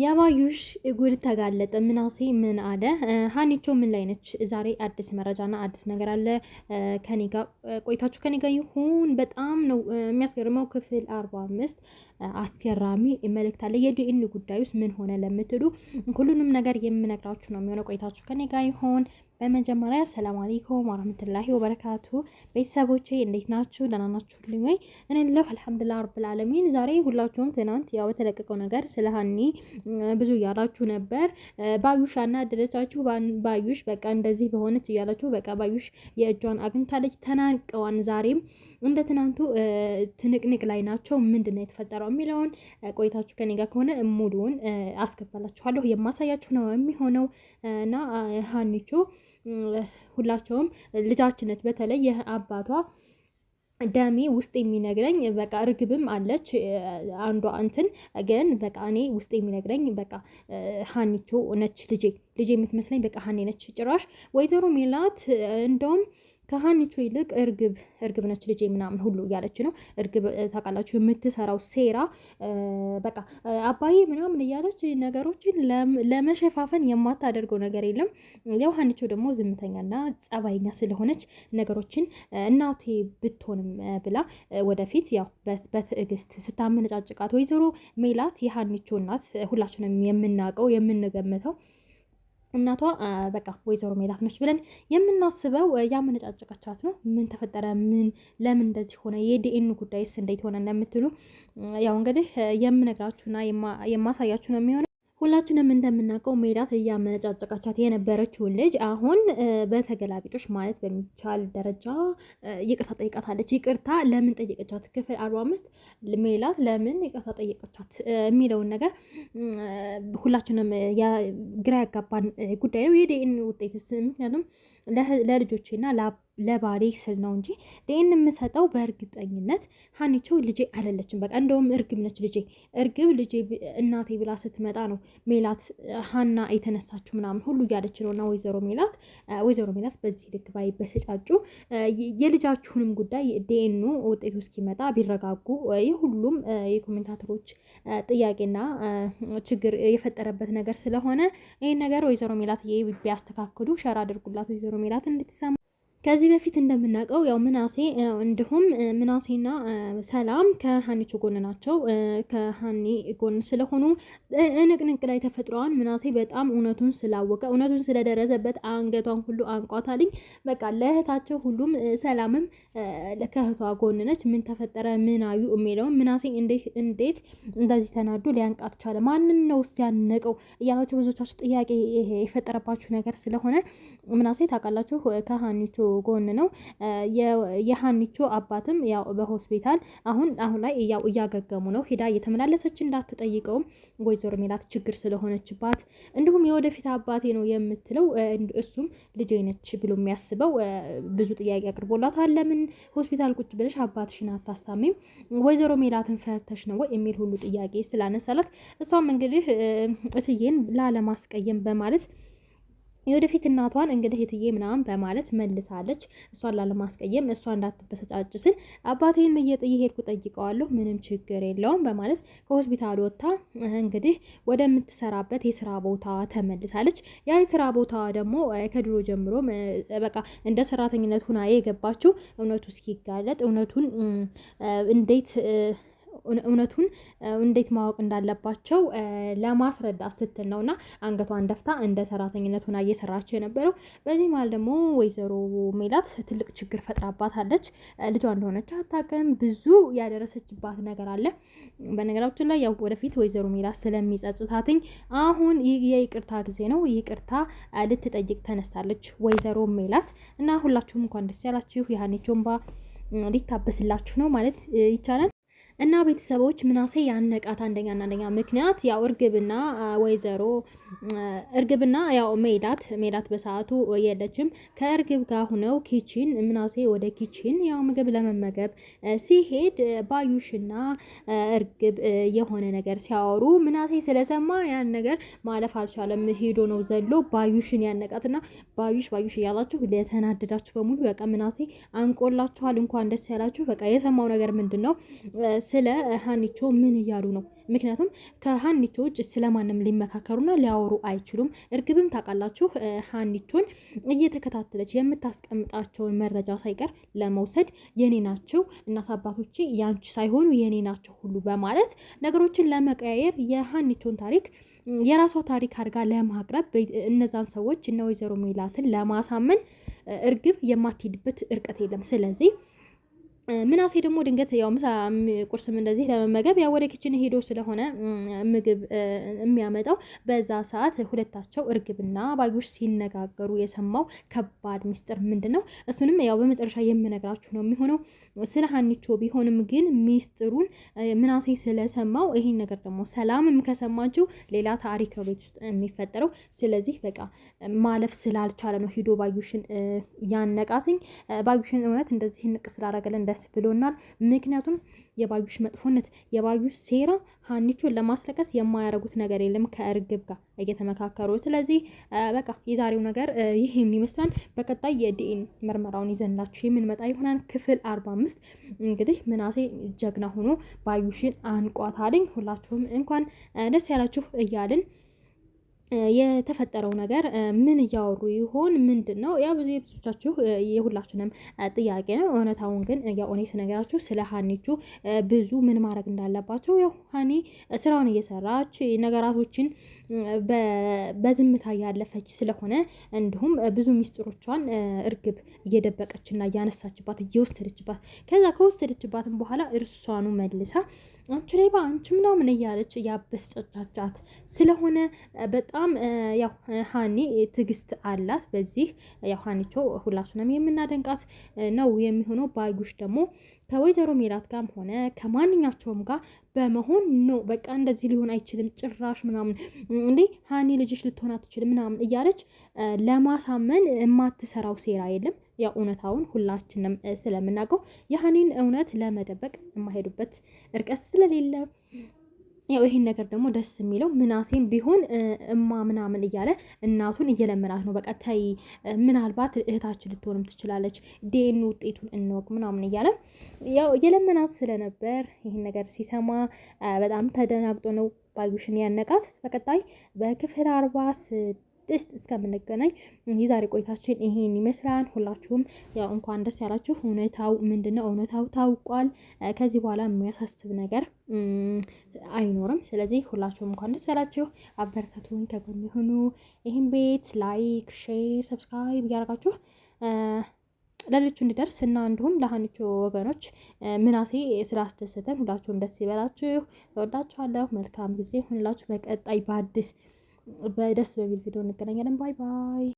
የባዩሽ እጉድ ተጋለጠ። ምናሴ ምን አለ? ሀኒቾ ምን ላይ ነች? ዛሬ አዲስ መረጃና አዲስ ነገር አለ። ከኔ ጋር ቆይታችሁ ከኔ ጋር ይሁን። በጣም ነው የሚያስገርመው ክፍል አርባ አምስት አስገራሚ መልእክት አለ። የዲኤንኤ ጉዳይ ውስጥ ምን ሆነ ለምትሉ ሁሉንም ነገር የምነግራችሁ ነው የሚሆነው። ቆይታችሁ ከኔ ጋር ይሆን። በመጀመሪያ ሰላም አለይኩም ወራህመቱላሂ ወበረካቱ። ቤተሰቦቼ እንዴት ናችሁ? ደህና ናችሁልኝ ወይ? እኔ ለሁ አልሐምዱሊላህ ረብል ዓለሚን። ዛሬ ሁላችሁም ትናንት ያው የተለቀቀው ነገር ስለ ሀኒ ብዙ እያላችሁ ነበር። ባዩሽ አናደደቻችሁ። ባዩሽ በቃ እንደዚህ በሆነች እያላችሁ በቃ ባዩሽ የእጇን አግኝታለች። ተናንቀዋን ዛሬም እንደ ትናንቱ ትንቅንቅ ላይ ናቸው። ምንድን ነው የተፈጠረው የሚለውን ቆይታችሁ ከኔ ጋር ከሆነ ሙሉውን አስገባላችኋለሁ የማሳያችሁ ነው የሚሆነው እና ሀኒቾ ሁላቸውም ልጃችን ነች። በተለይ የአባቷ ደሜ ውስጥ የሚነግረኝ በቃ እርግብም አለች አንዷ እንትን ግን በቃ እኔ ውስጥ የሚነግረኝ በቃ ሀኒቾ ነች ልጄ ልጄ የምትመስለኝ በቃ ሀኔ ነች። ጭራሽ ወይዘሮ ሜላት እንደውም ከሀኒቾ ይልቅ እርግብ እርግብ ነች ልጅ ምናምን ሁሉ እያለች ነው። እርግብ ታውቃላችሁ የምትሰራው ሴራ በቃ አባዬ ምናምን እያለች ነገሮችን ለመሸፋፈን የማታደርገው ነገር የለም። ያው ሀኒቾ ደግሞ ዝምተኛና ጸባይኛ ስለሆነች ነገሮችን እናቴ ብትሆንም ብላ ወደፊት ያው በትዕግስት ስታመነጫጭቃት ወይዘሮ ሜላት የሀኒቾ እናት ሁላችንም የምናውቀው የምንገምተው እናቷ በቃ ወይዘሮ ሜላት ነች ብለን የምናስበው ያመነጫጨቀቻት ነው። ምን ተፈጠረ? ምን ለምን እንደዚህ ሆነ? የዲኤን ጉዳይስ እንዴት ሆነ እንደምትሉ ያው እንግዲህ የምነግራችሁና የማሳያችሁ ነው የሚሆነው። ሁላችንም እንደምናውቀው ሜላት እያመነጫጨቃቻት የነበረችውን ልጅ አሁን በተገላቢጦች ማለት በሚቻል ደረጃ ይቅርታ ጠይቃታለች። ይቅርታ ለምን ጠየቀቻት? ክፍል አርባ አምስት ሜላት ለምን ይቅርታ ጠየቀቻት የሚለውን ነገር ሁላችንም ግራ ያጋባን ጉዳይ ነው። የዲኤንኤ ውጤትስ ምክንያቱም ለልጆቼና ለባሌ ስል ነው እንጂ ይህን የምሰጠው በእርግጠኝነት ሀኒቾ ልጄ አይደለችም። በቃ እንደውም እርግብ ነች ልጄ። እርግብ ልጄ እናቴ ብላ ስትመጣ ነው ሜላት ሀና የተነሳችው ምናምን ሁሉ እያለች ነው። እና ወይዘሮ ሜላት ወይዘሮ ሜላት በዚህ ልክ ባይ በተጫጩ የልጃችሁንም ጉዳይ ዲኤኑ ውጤቱ እስኪመጣ ቢረጋጉ የሁሉም የኮሜንታተሮች ጥያቄና ችግር የፈጠረበት ነገር ስለሆነ ይህን ነገር ወይዘሮ ሜላት ቢያስተካክሉ ሸር አድርጉላት ወይዘሮ ሮሜላት እንድትሰማ ከዚህ በፊት እንደምናውቀው ያው ምናሴ እንዲሁም ምናሴና ሰላም ከሀኒቹ ጎን ናቸው። ከሀኒ ጎን ስለሆኑ ንቅንቅ ላይ ተፈጥረዋል። ምናሴ በጣም እውነቱን ስላወቀ እውነቱን ስለደረሰበት አንገቷን ሁሉ አንቋታልኝ። በቃ ለእህታቸው ሁሉም ሰላምም ከእህቷ ጎን ነች። ምን ተፈጠረ ምን አዩ የሚለውን ምናሴ እንዴት እንደዚህ ተናዱ ሊያንቃት ቻለ? ማንም ነው ውስጥ ያነቀው እያላቸው ብዙቻችሁ ጥያቄ የፈጠረባችሁ ነገር ስለሆነ ምናሴ ታውቃላችሁ ከሀኒቹ ጎን ነው። የሀኒቾ አባትም ያው በሆስፒታል አሁን አሁን ላይ ያው እያገገሙ ነው። ሄዳ እየተመላለሰች እንዳትጠይቀውም ወይዘሮ ሜላት ችግር ስለሆነችባት እንዲሁም የወደፊት አባቴ ነው የምትለው እሱም ልጄ ነች ብሎ የሚያስበው ብዙ ጥያቄ አቅርቦላታል። ለምን ሆስፒታል ቁጭ ብለሽ አባትሽን አታስታሚም? ወይዘሮ ሜላትን ፈርተሽ ነው ወይ የሚል ሁሉ ጥያቄ ስላነሳላት እሷም እንግዲህ እትዬን ላለማስቀየም በማለት የወደፊት እናቷን እንግዲህ የትዬ ምናምን በማለት መልሳለች። እሷን ላለማስቀየም እሷ እንዳትበሰጫጭ ስል አባቴን መየጥ እየሄድኩ ጠይቀዋለሁ፣ ምንም ችግር የለውም በማለት ከሆስፒታል ወጥታ እንግዲህ ወደምትሰራበት የስራ ቦታ ተመልሳለች። ያ የስራ ቦታ ደግሞ ከድሮ ጀምሮ በቃ እንደ ሰራተኝነት ሁና የገባችው እውነቱ እስኪጋለጥ እውነቱን እንዴት እውነቱን እንዴት ማወቅ እንዳለባቸው ለማስረዳት ስትል ነው እና አንገቷን ደፍታ እንደ ሰራተኝነት ሆና እየሰራቸው የነበረው። በዚህ መሀል ደግሞ ወይዘሮ ሜላት ትልቅ ችግር ፈጥራባታለች። ልጇ እንደሆነች አታውቅም። ብዙ ያደረሰችባት ነገር አለ። በነገራችን ላይ ያው ወደፊት ወይዘሮ ሜላት ስለሚጸጽታትኝ አሁን የይቅርታ ጊዜ ነው። ይቅርታ ልትጠይቅ ተነስታለች ወይዘሮ ሜላት እና ሁላችሁም እንኳን ደስ ያላችሁ። የሀኔቾ ሊታበስላችሁ ነው ማለት ይቻላል። እና ቤተሰቦች ምናሴ ያነቃት አንደኛና አንደኛ ምክንያት ያው እርግብና ወይዘሮ እርግብና ያው ሜላት ሜላት በሰዓቱ የለችም። ከእርግብ ጋር ሁነው ኪችን ምናሴ ወደ ኪችን ያው ምግብ ለመመገብ ሲሄድ ባዩሽና እርግብ የሆነ ነገር ሲያወሩ ምናሴ ስለሰማ ያን ነገር ማለፍ አልቻለም። ሄዶ ነው ዘሎ ባዩሽን ያነቃትና ባዩሽ ባዩሽ እያላችሁ ለተናደዳችሁ በሙሉ በቃ ምናሴ አንቆላችኋል። እንኳን ደስ ያላችሁ። በቃ የሰማው ነገር ምንድን ነው? ስለ ሀኒቾ ምን እያሉ ነው? ምክንያቱም ከሀኒቾ ውጭ ስለማንም ሊመካከሩና ሊያወሩ አይችሉም። እርግብም ታውቃላችሁ ሀኒቾን እየተከታተለች የምታስቀምጣቸውን መረጃ ሳይቀር ለመውሰድ የኔ ናቸው እናት አባቶቼ ያንቺ ሳይሆኑ የኔ ናቸው ሁሉ በማለት ነገሮችን ለመቀያየር የሀኒቾን ታሪክ የራሷ ታሪክ አድርጋ ለማቅረብ እነዛን ሰዎች እነ ወይዘሮ ሜላትን ለማሳመን እርግብ የማትሄድበት እርቀት የለም። ስለዚህ ምናሴ ደግሞ ድንገት ያው ምሳ ቁርስም እንደዚህ ለመመገብ ያው ወደ ኪችን ሄዶ ስለሆነ ምግብ የሚያመጣው በዛ ሰዓት ሁለታቸው እርግብና ባዩሽ ሲነጋገሩ የሰማው ከባድ ሚስጥር ምንድን ነው? እሱንም ያው በመጨረሻ የምነግራችሁ ነው የሚሆነው። ስለ ሀኒቾ ቢሆንም ግን ሚስጥሩን ምናሴ ስለሰማው ይሄን ነገር ደግሞ ሰላምም ከሰማችው ሌላ ታሪክ ነው ቤት ውስጥ የሚፈጠረው። ስለዚህ በቃ ማለፍ ስላልቻለ ነው ሂዶ ባዩሽን ያነቃትኝ። ባዩሽን እውነት እንደዚህ ንቅ ስላረገለን ደስ ብሎናል። ምክንያቱም የባዩሽ መጥፎነት፣ የባዩሽ ሴራ ሀኒቹን ለማስለቀስ የማያደርጉት ነገር የለም ከእርግብ ጋር እየተመካከሩ። ስለዚህ በቃ የዛሬው ነገር ይህን ይመስላል። በቀጣይ የዲኤን ምርመራውን ይዘንላችሁ የምንመጣ ይሆናል። ክፍል አርባ አምስት እንግዲህ ምናሴ ጀግና ሆኖ ባዩሽን አንቋታልኝ። ሁላችሁም እንኳን ደስ ያላችሁ እያልን የተፈጠረው ነገር ምን እያወሩ ይሆን? ምንድን ነው ያ? ብዙ የብዙቻችሁ የሁላችንም ጥያቄ ነው። እውነታውን ግን ያው እኔ ስለ ሀኒቹ ብዙ ምን ማድረግ እንዳለባቸው ያው ሀኒ ስራውን እየሰራች ነገራቶችን በዝምታ ያለፈች ስለሆነ እንዲሁም ብዙ ሚስጥሮቿን እርግብ እየደበቀችና እያነሳችባት እየወሰደችባት ከዛ ከወሰደችባትም በኋላ እርሷኑ መልሳ አንቺ ሌባ አንቺ ምናምን እያለች ያበስጨቻቻት ስለሆነ በጣም ያው ሀኒ ትግስት አላት። በዚህ ያው ሀኒቾ ሁላችንም የምናደንቃት ነው የሚሆነው ባዩሽ ደግሞ ከወይዘሮ ሜላት ጋርም ሆነ ከማንኛቸውም ጋር በመሆን ኖ በቃ እንደዚህ ሊሆን አይችልም ጭራሽ ምናምን እንዴ ሀኒ ልጅሽ ልትሆን አትችልም ምናምን እያለች ለማሳመን የማትሰራው ሴራ የለም። ያው እውነታውን ሁላችንም ስለምናውቀው የሀኒን እውነት ለመደበቅ የማሄዱበት እርቀት ስለሌለ ያው ይሄን ነገር ደግሞ ደስ የሚለው ምናሴም ቢሆን እማ ምናምን እያለ እናቱን እየለመናት ነው። በቃ ተይ፣ ምናልባት እህታችን ልትሆንም ትችላለች፣ ዴን ውጤቱን እንወቅ ምናምን እያለ ያው እየለመናት ስለነበር ይህን ነገር ሲሰማ በጣም ተደናግጦ ነው ባዩሽን ያነቃት። በቀጣይ በክፍል አርባ ስድስት እስከምንገናኝ የዛሬ ቆይታችን ይሄን ይመስላል። ሁላችሁም ያው እንኳን ደስ ያላችሁ። እውነታው ምንድነው? እውነታው ታውቋል። ከዚህ በኋላ የሚያሳስብ ነገር አይኖርም። ስለዚህ ሁላችሁም እንኳን ደስ ያላችሁ። አበረታቱን፣ ከጎን የሆኑ ይህን ቤት ላይክ፣ ሼር፣ ሰብስክራይብ እያደረጋችሁ ለልቹ እንዲደርስ እና እንዲሁም ለሀኒቾ ወገኖች ምናሴ ስላስደሰተን ሁላችሁም ደስ ይበላችሁ። እወዳችኋለሁ። መልካም ጊዜ ሁንላችሁ። በቀጣይ በአዲስ በደስ በሚል ቪዲዮ እንገናኛለን። ባይ ባይ።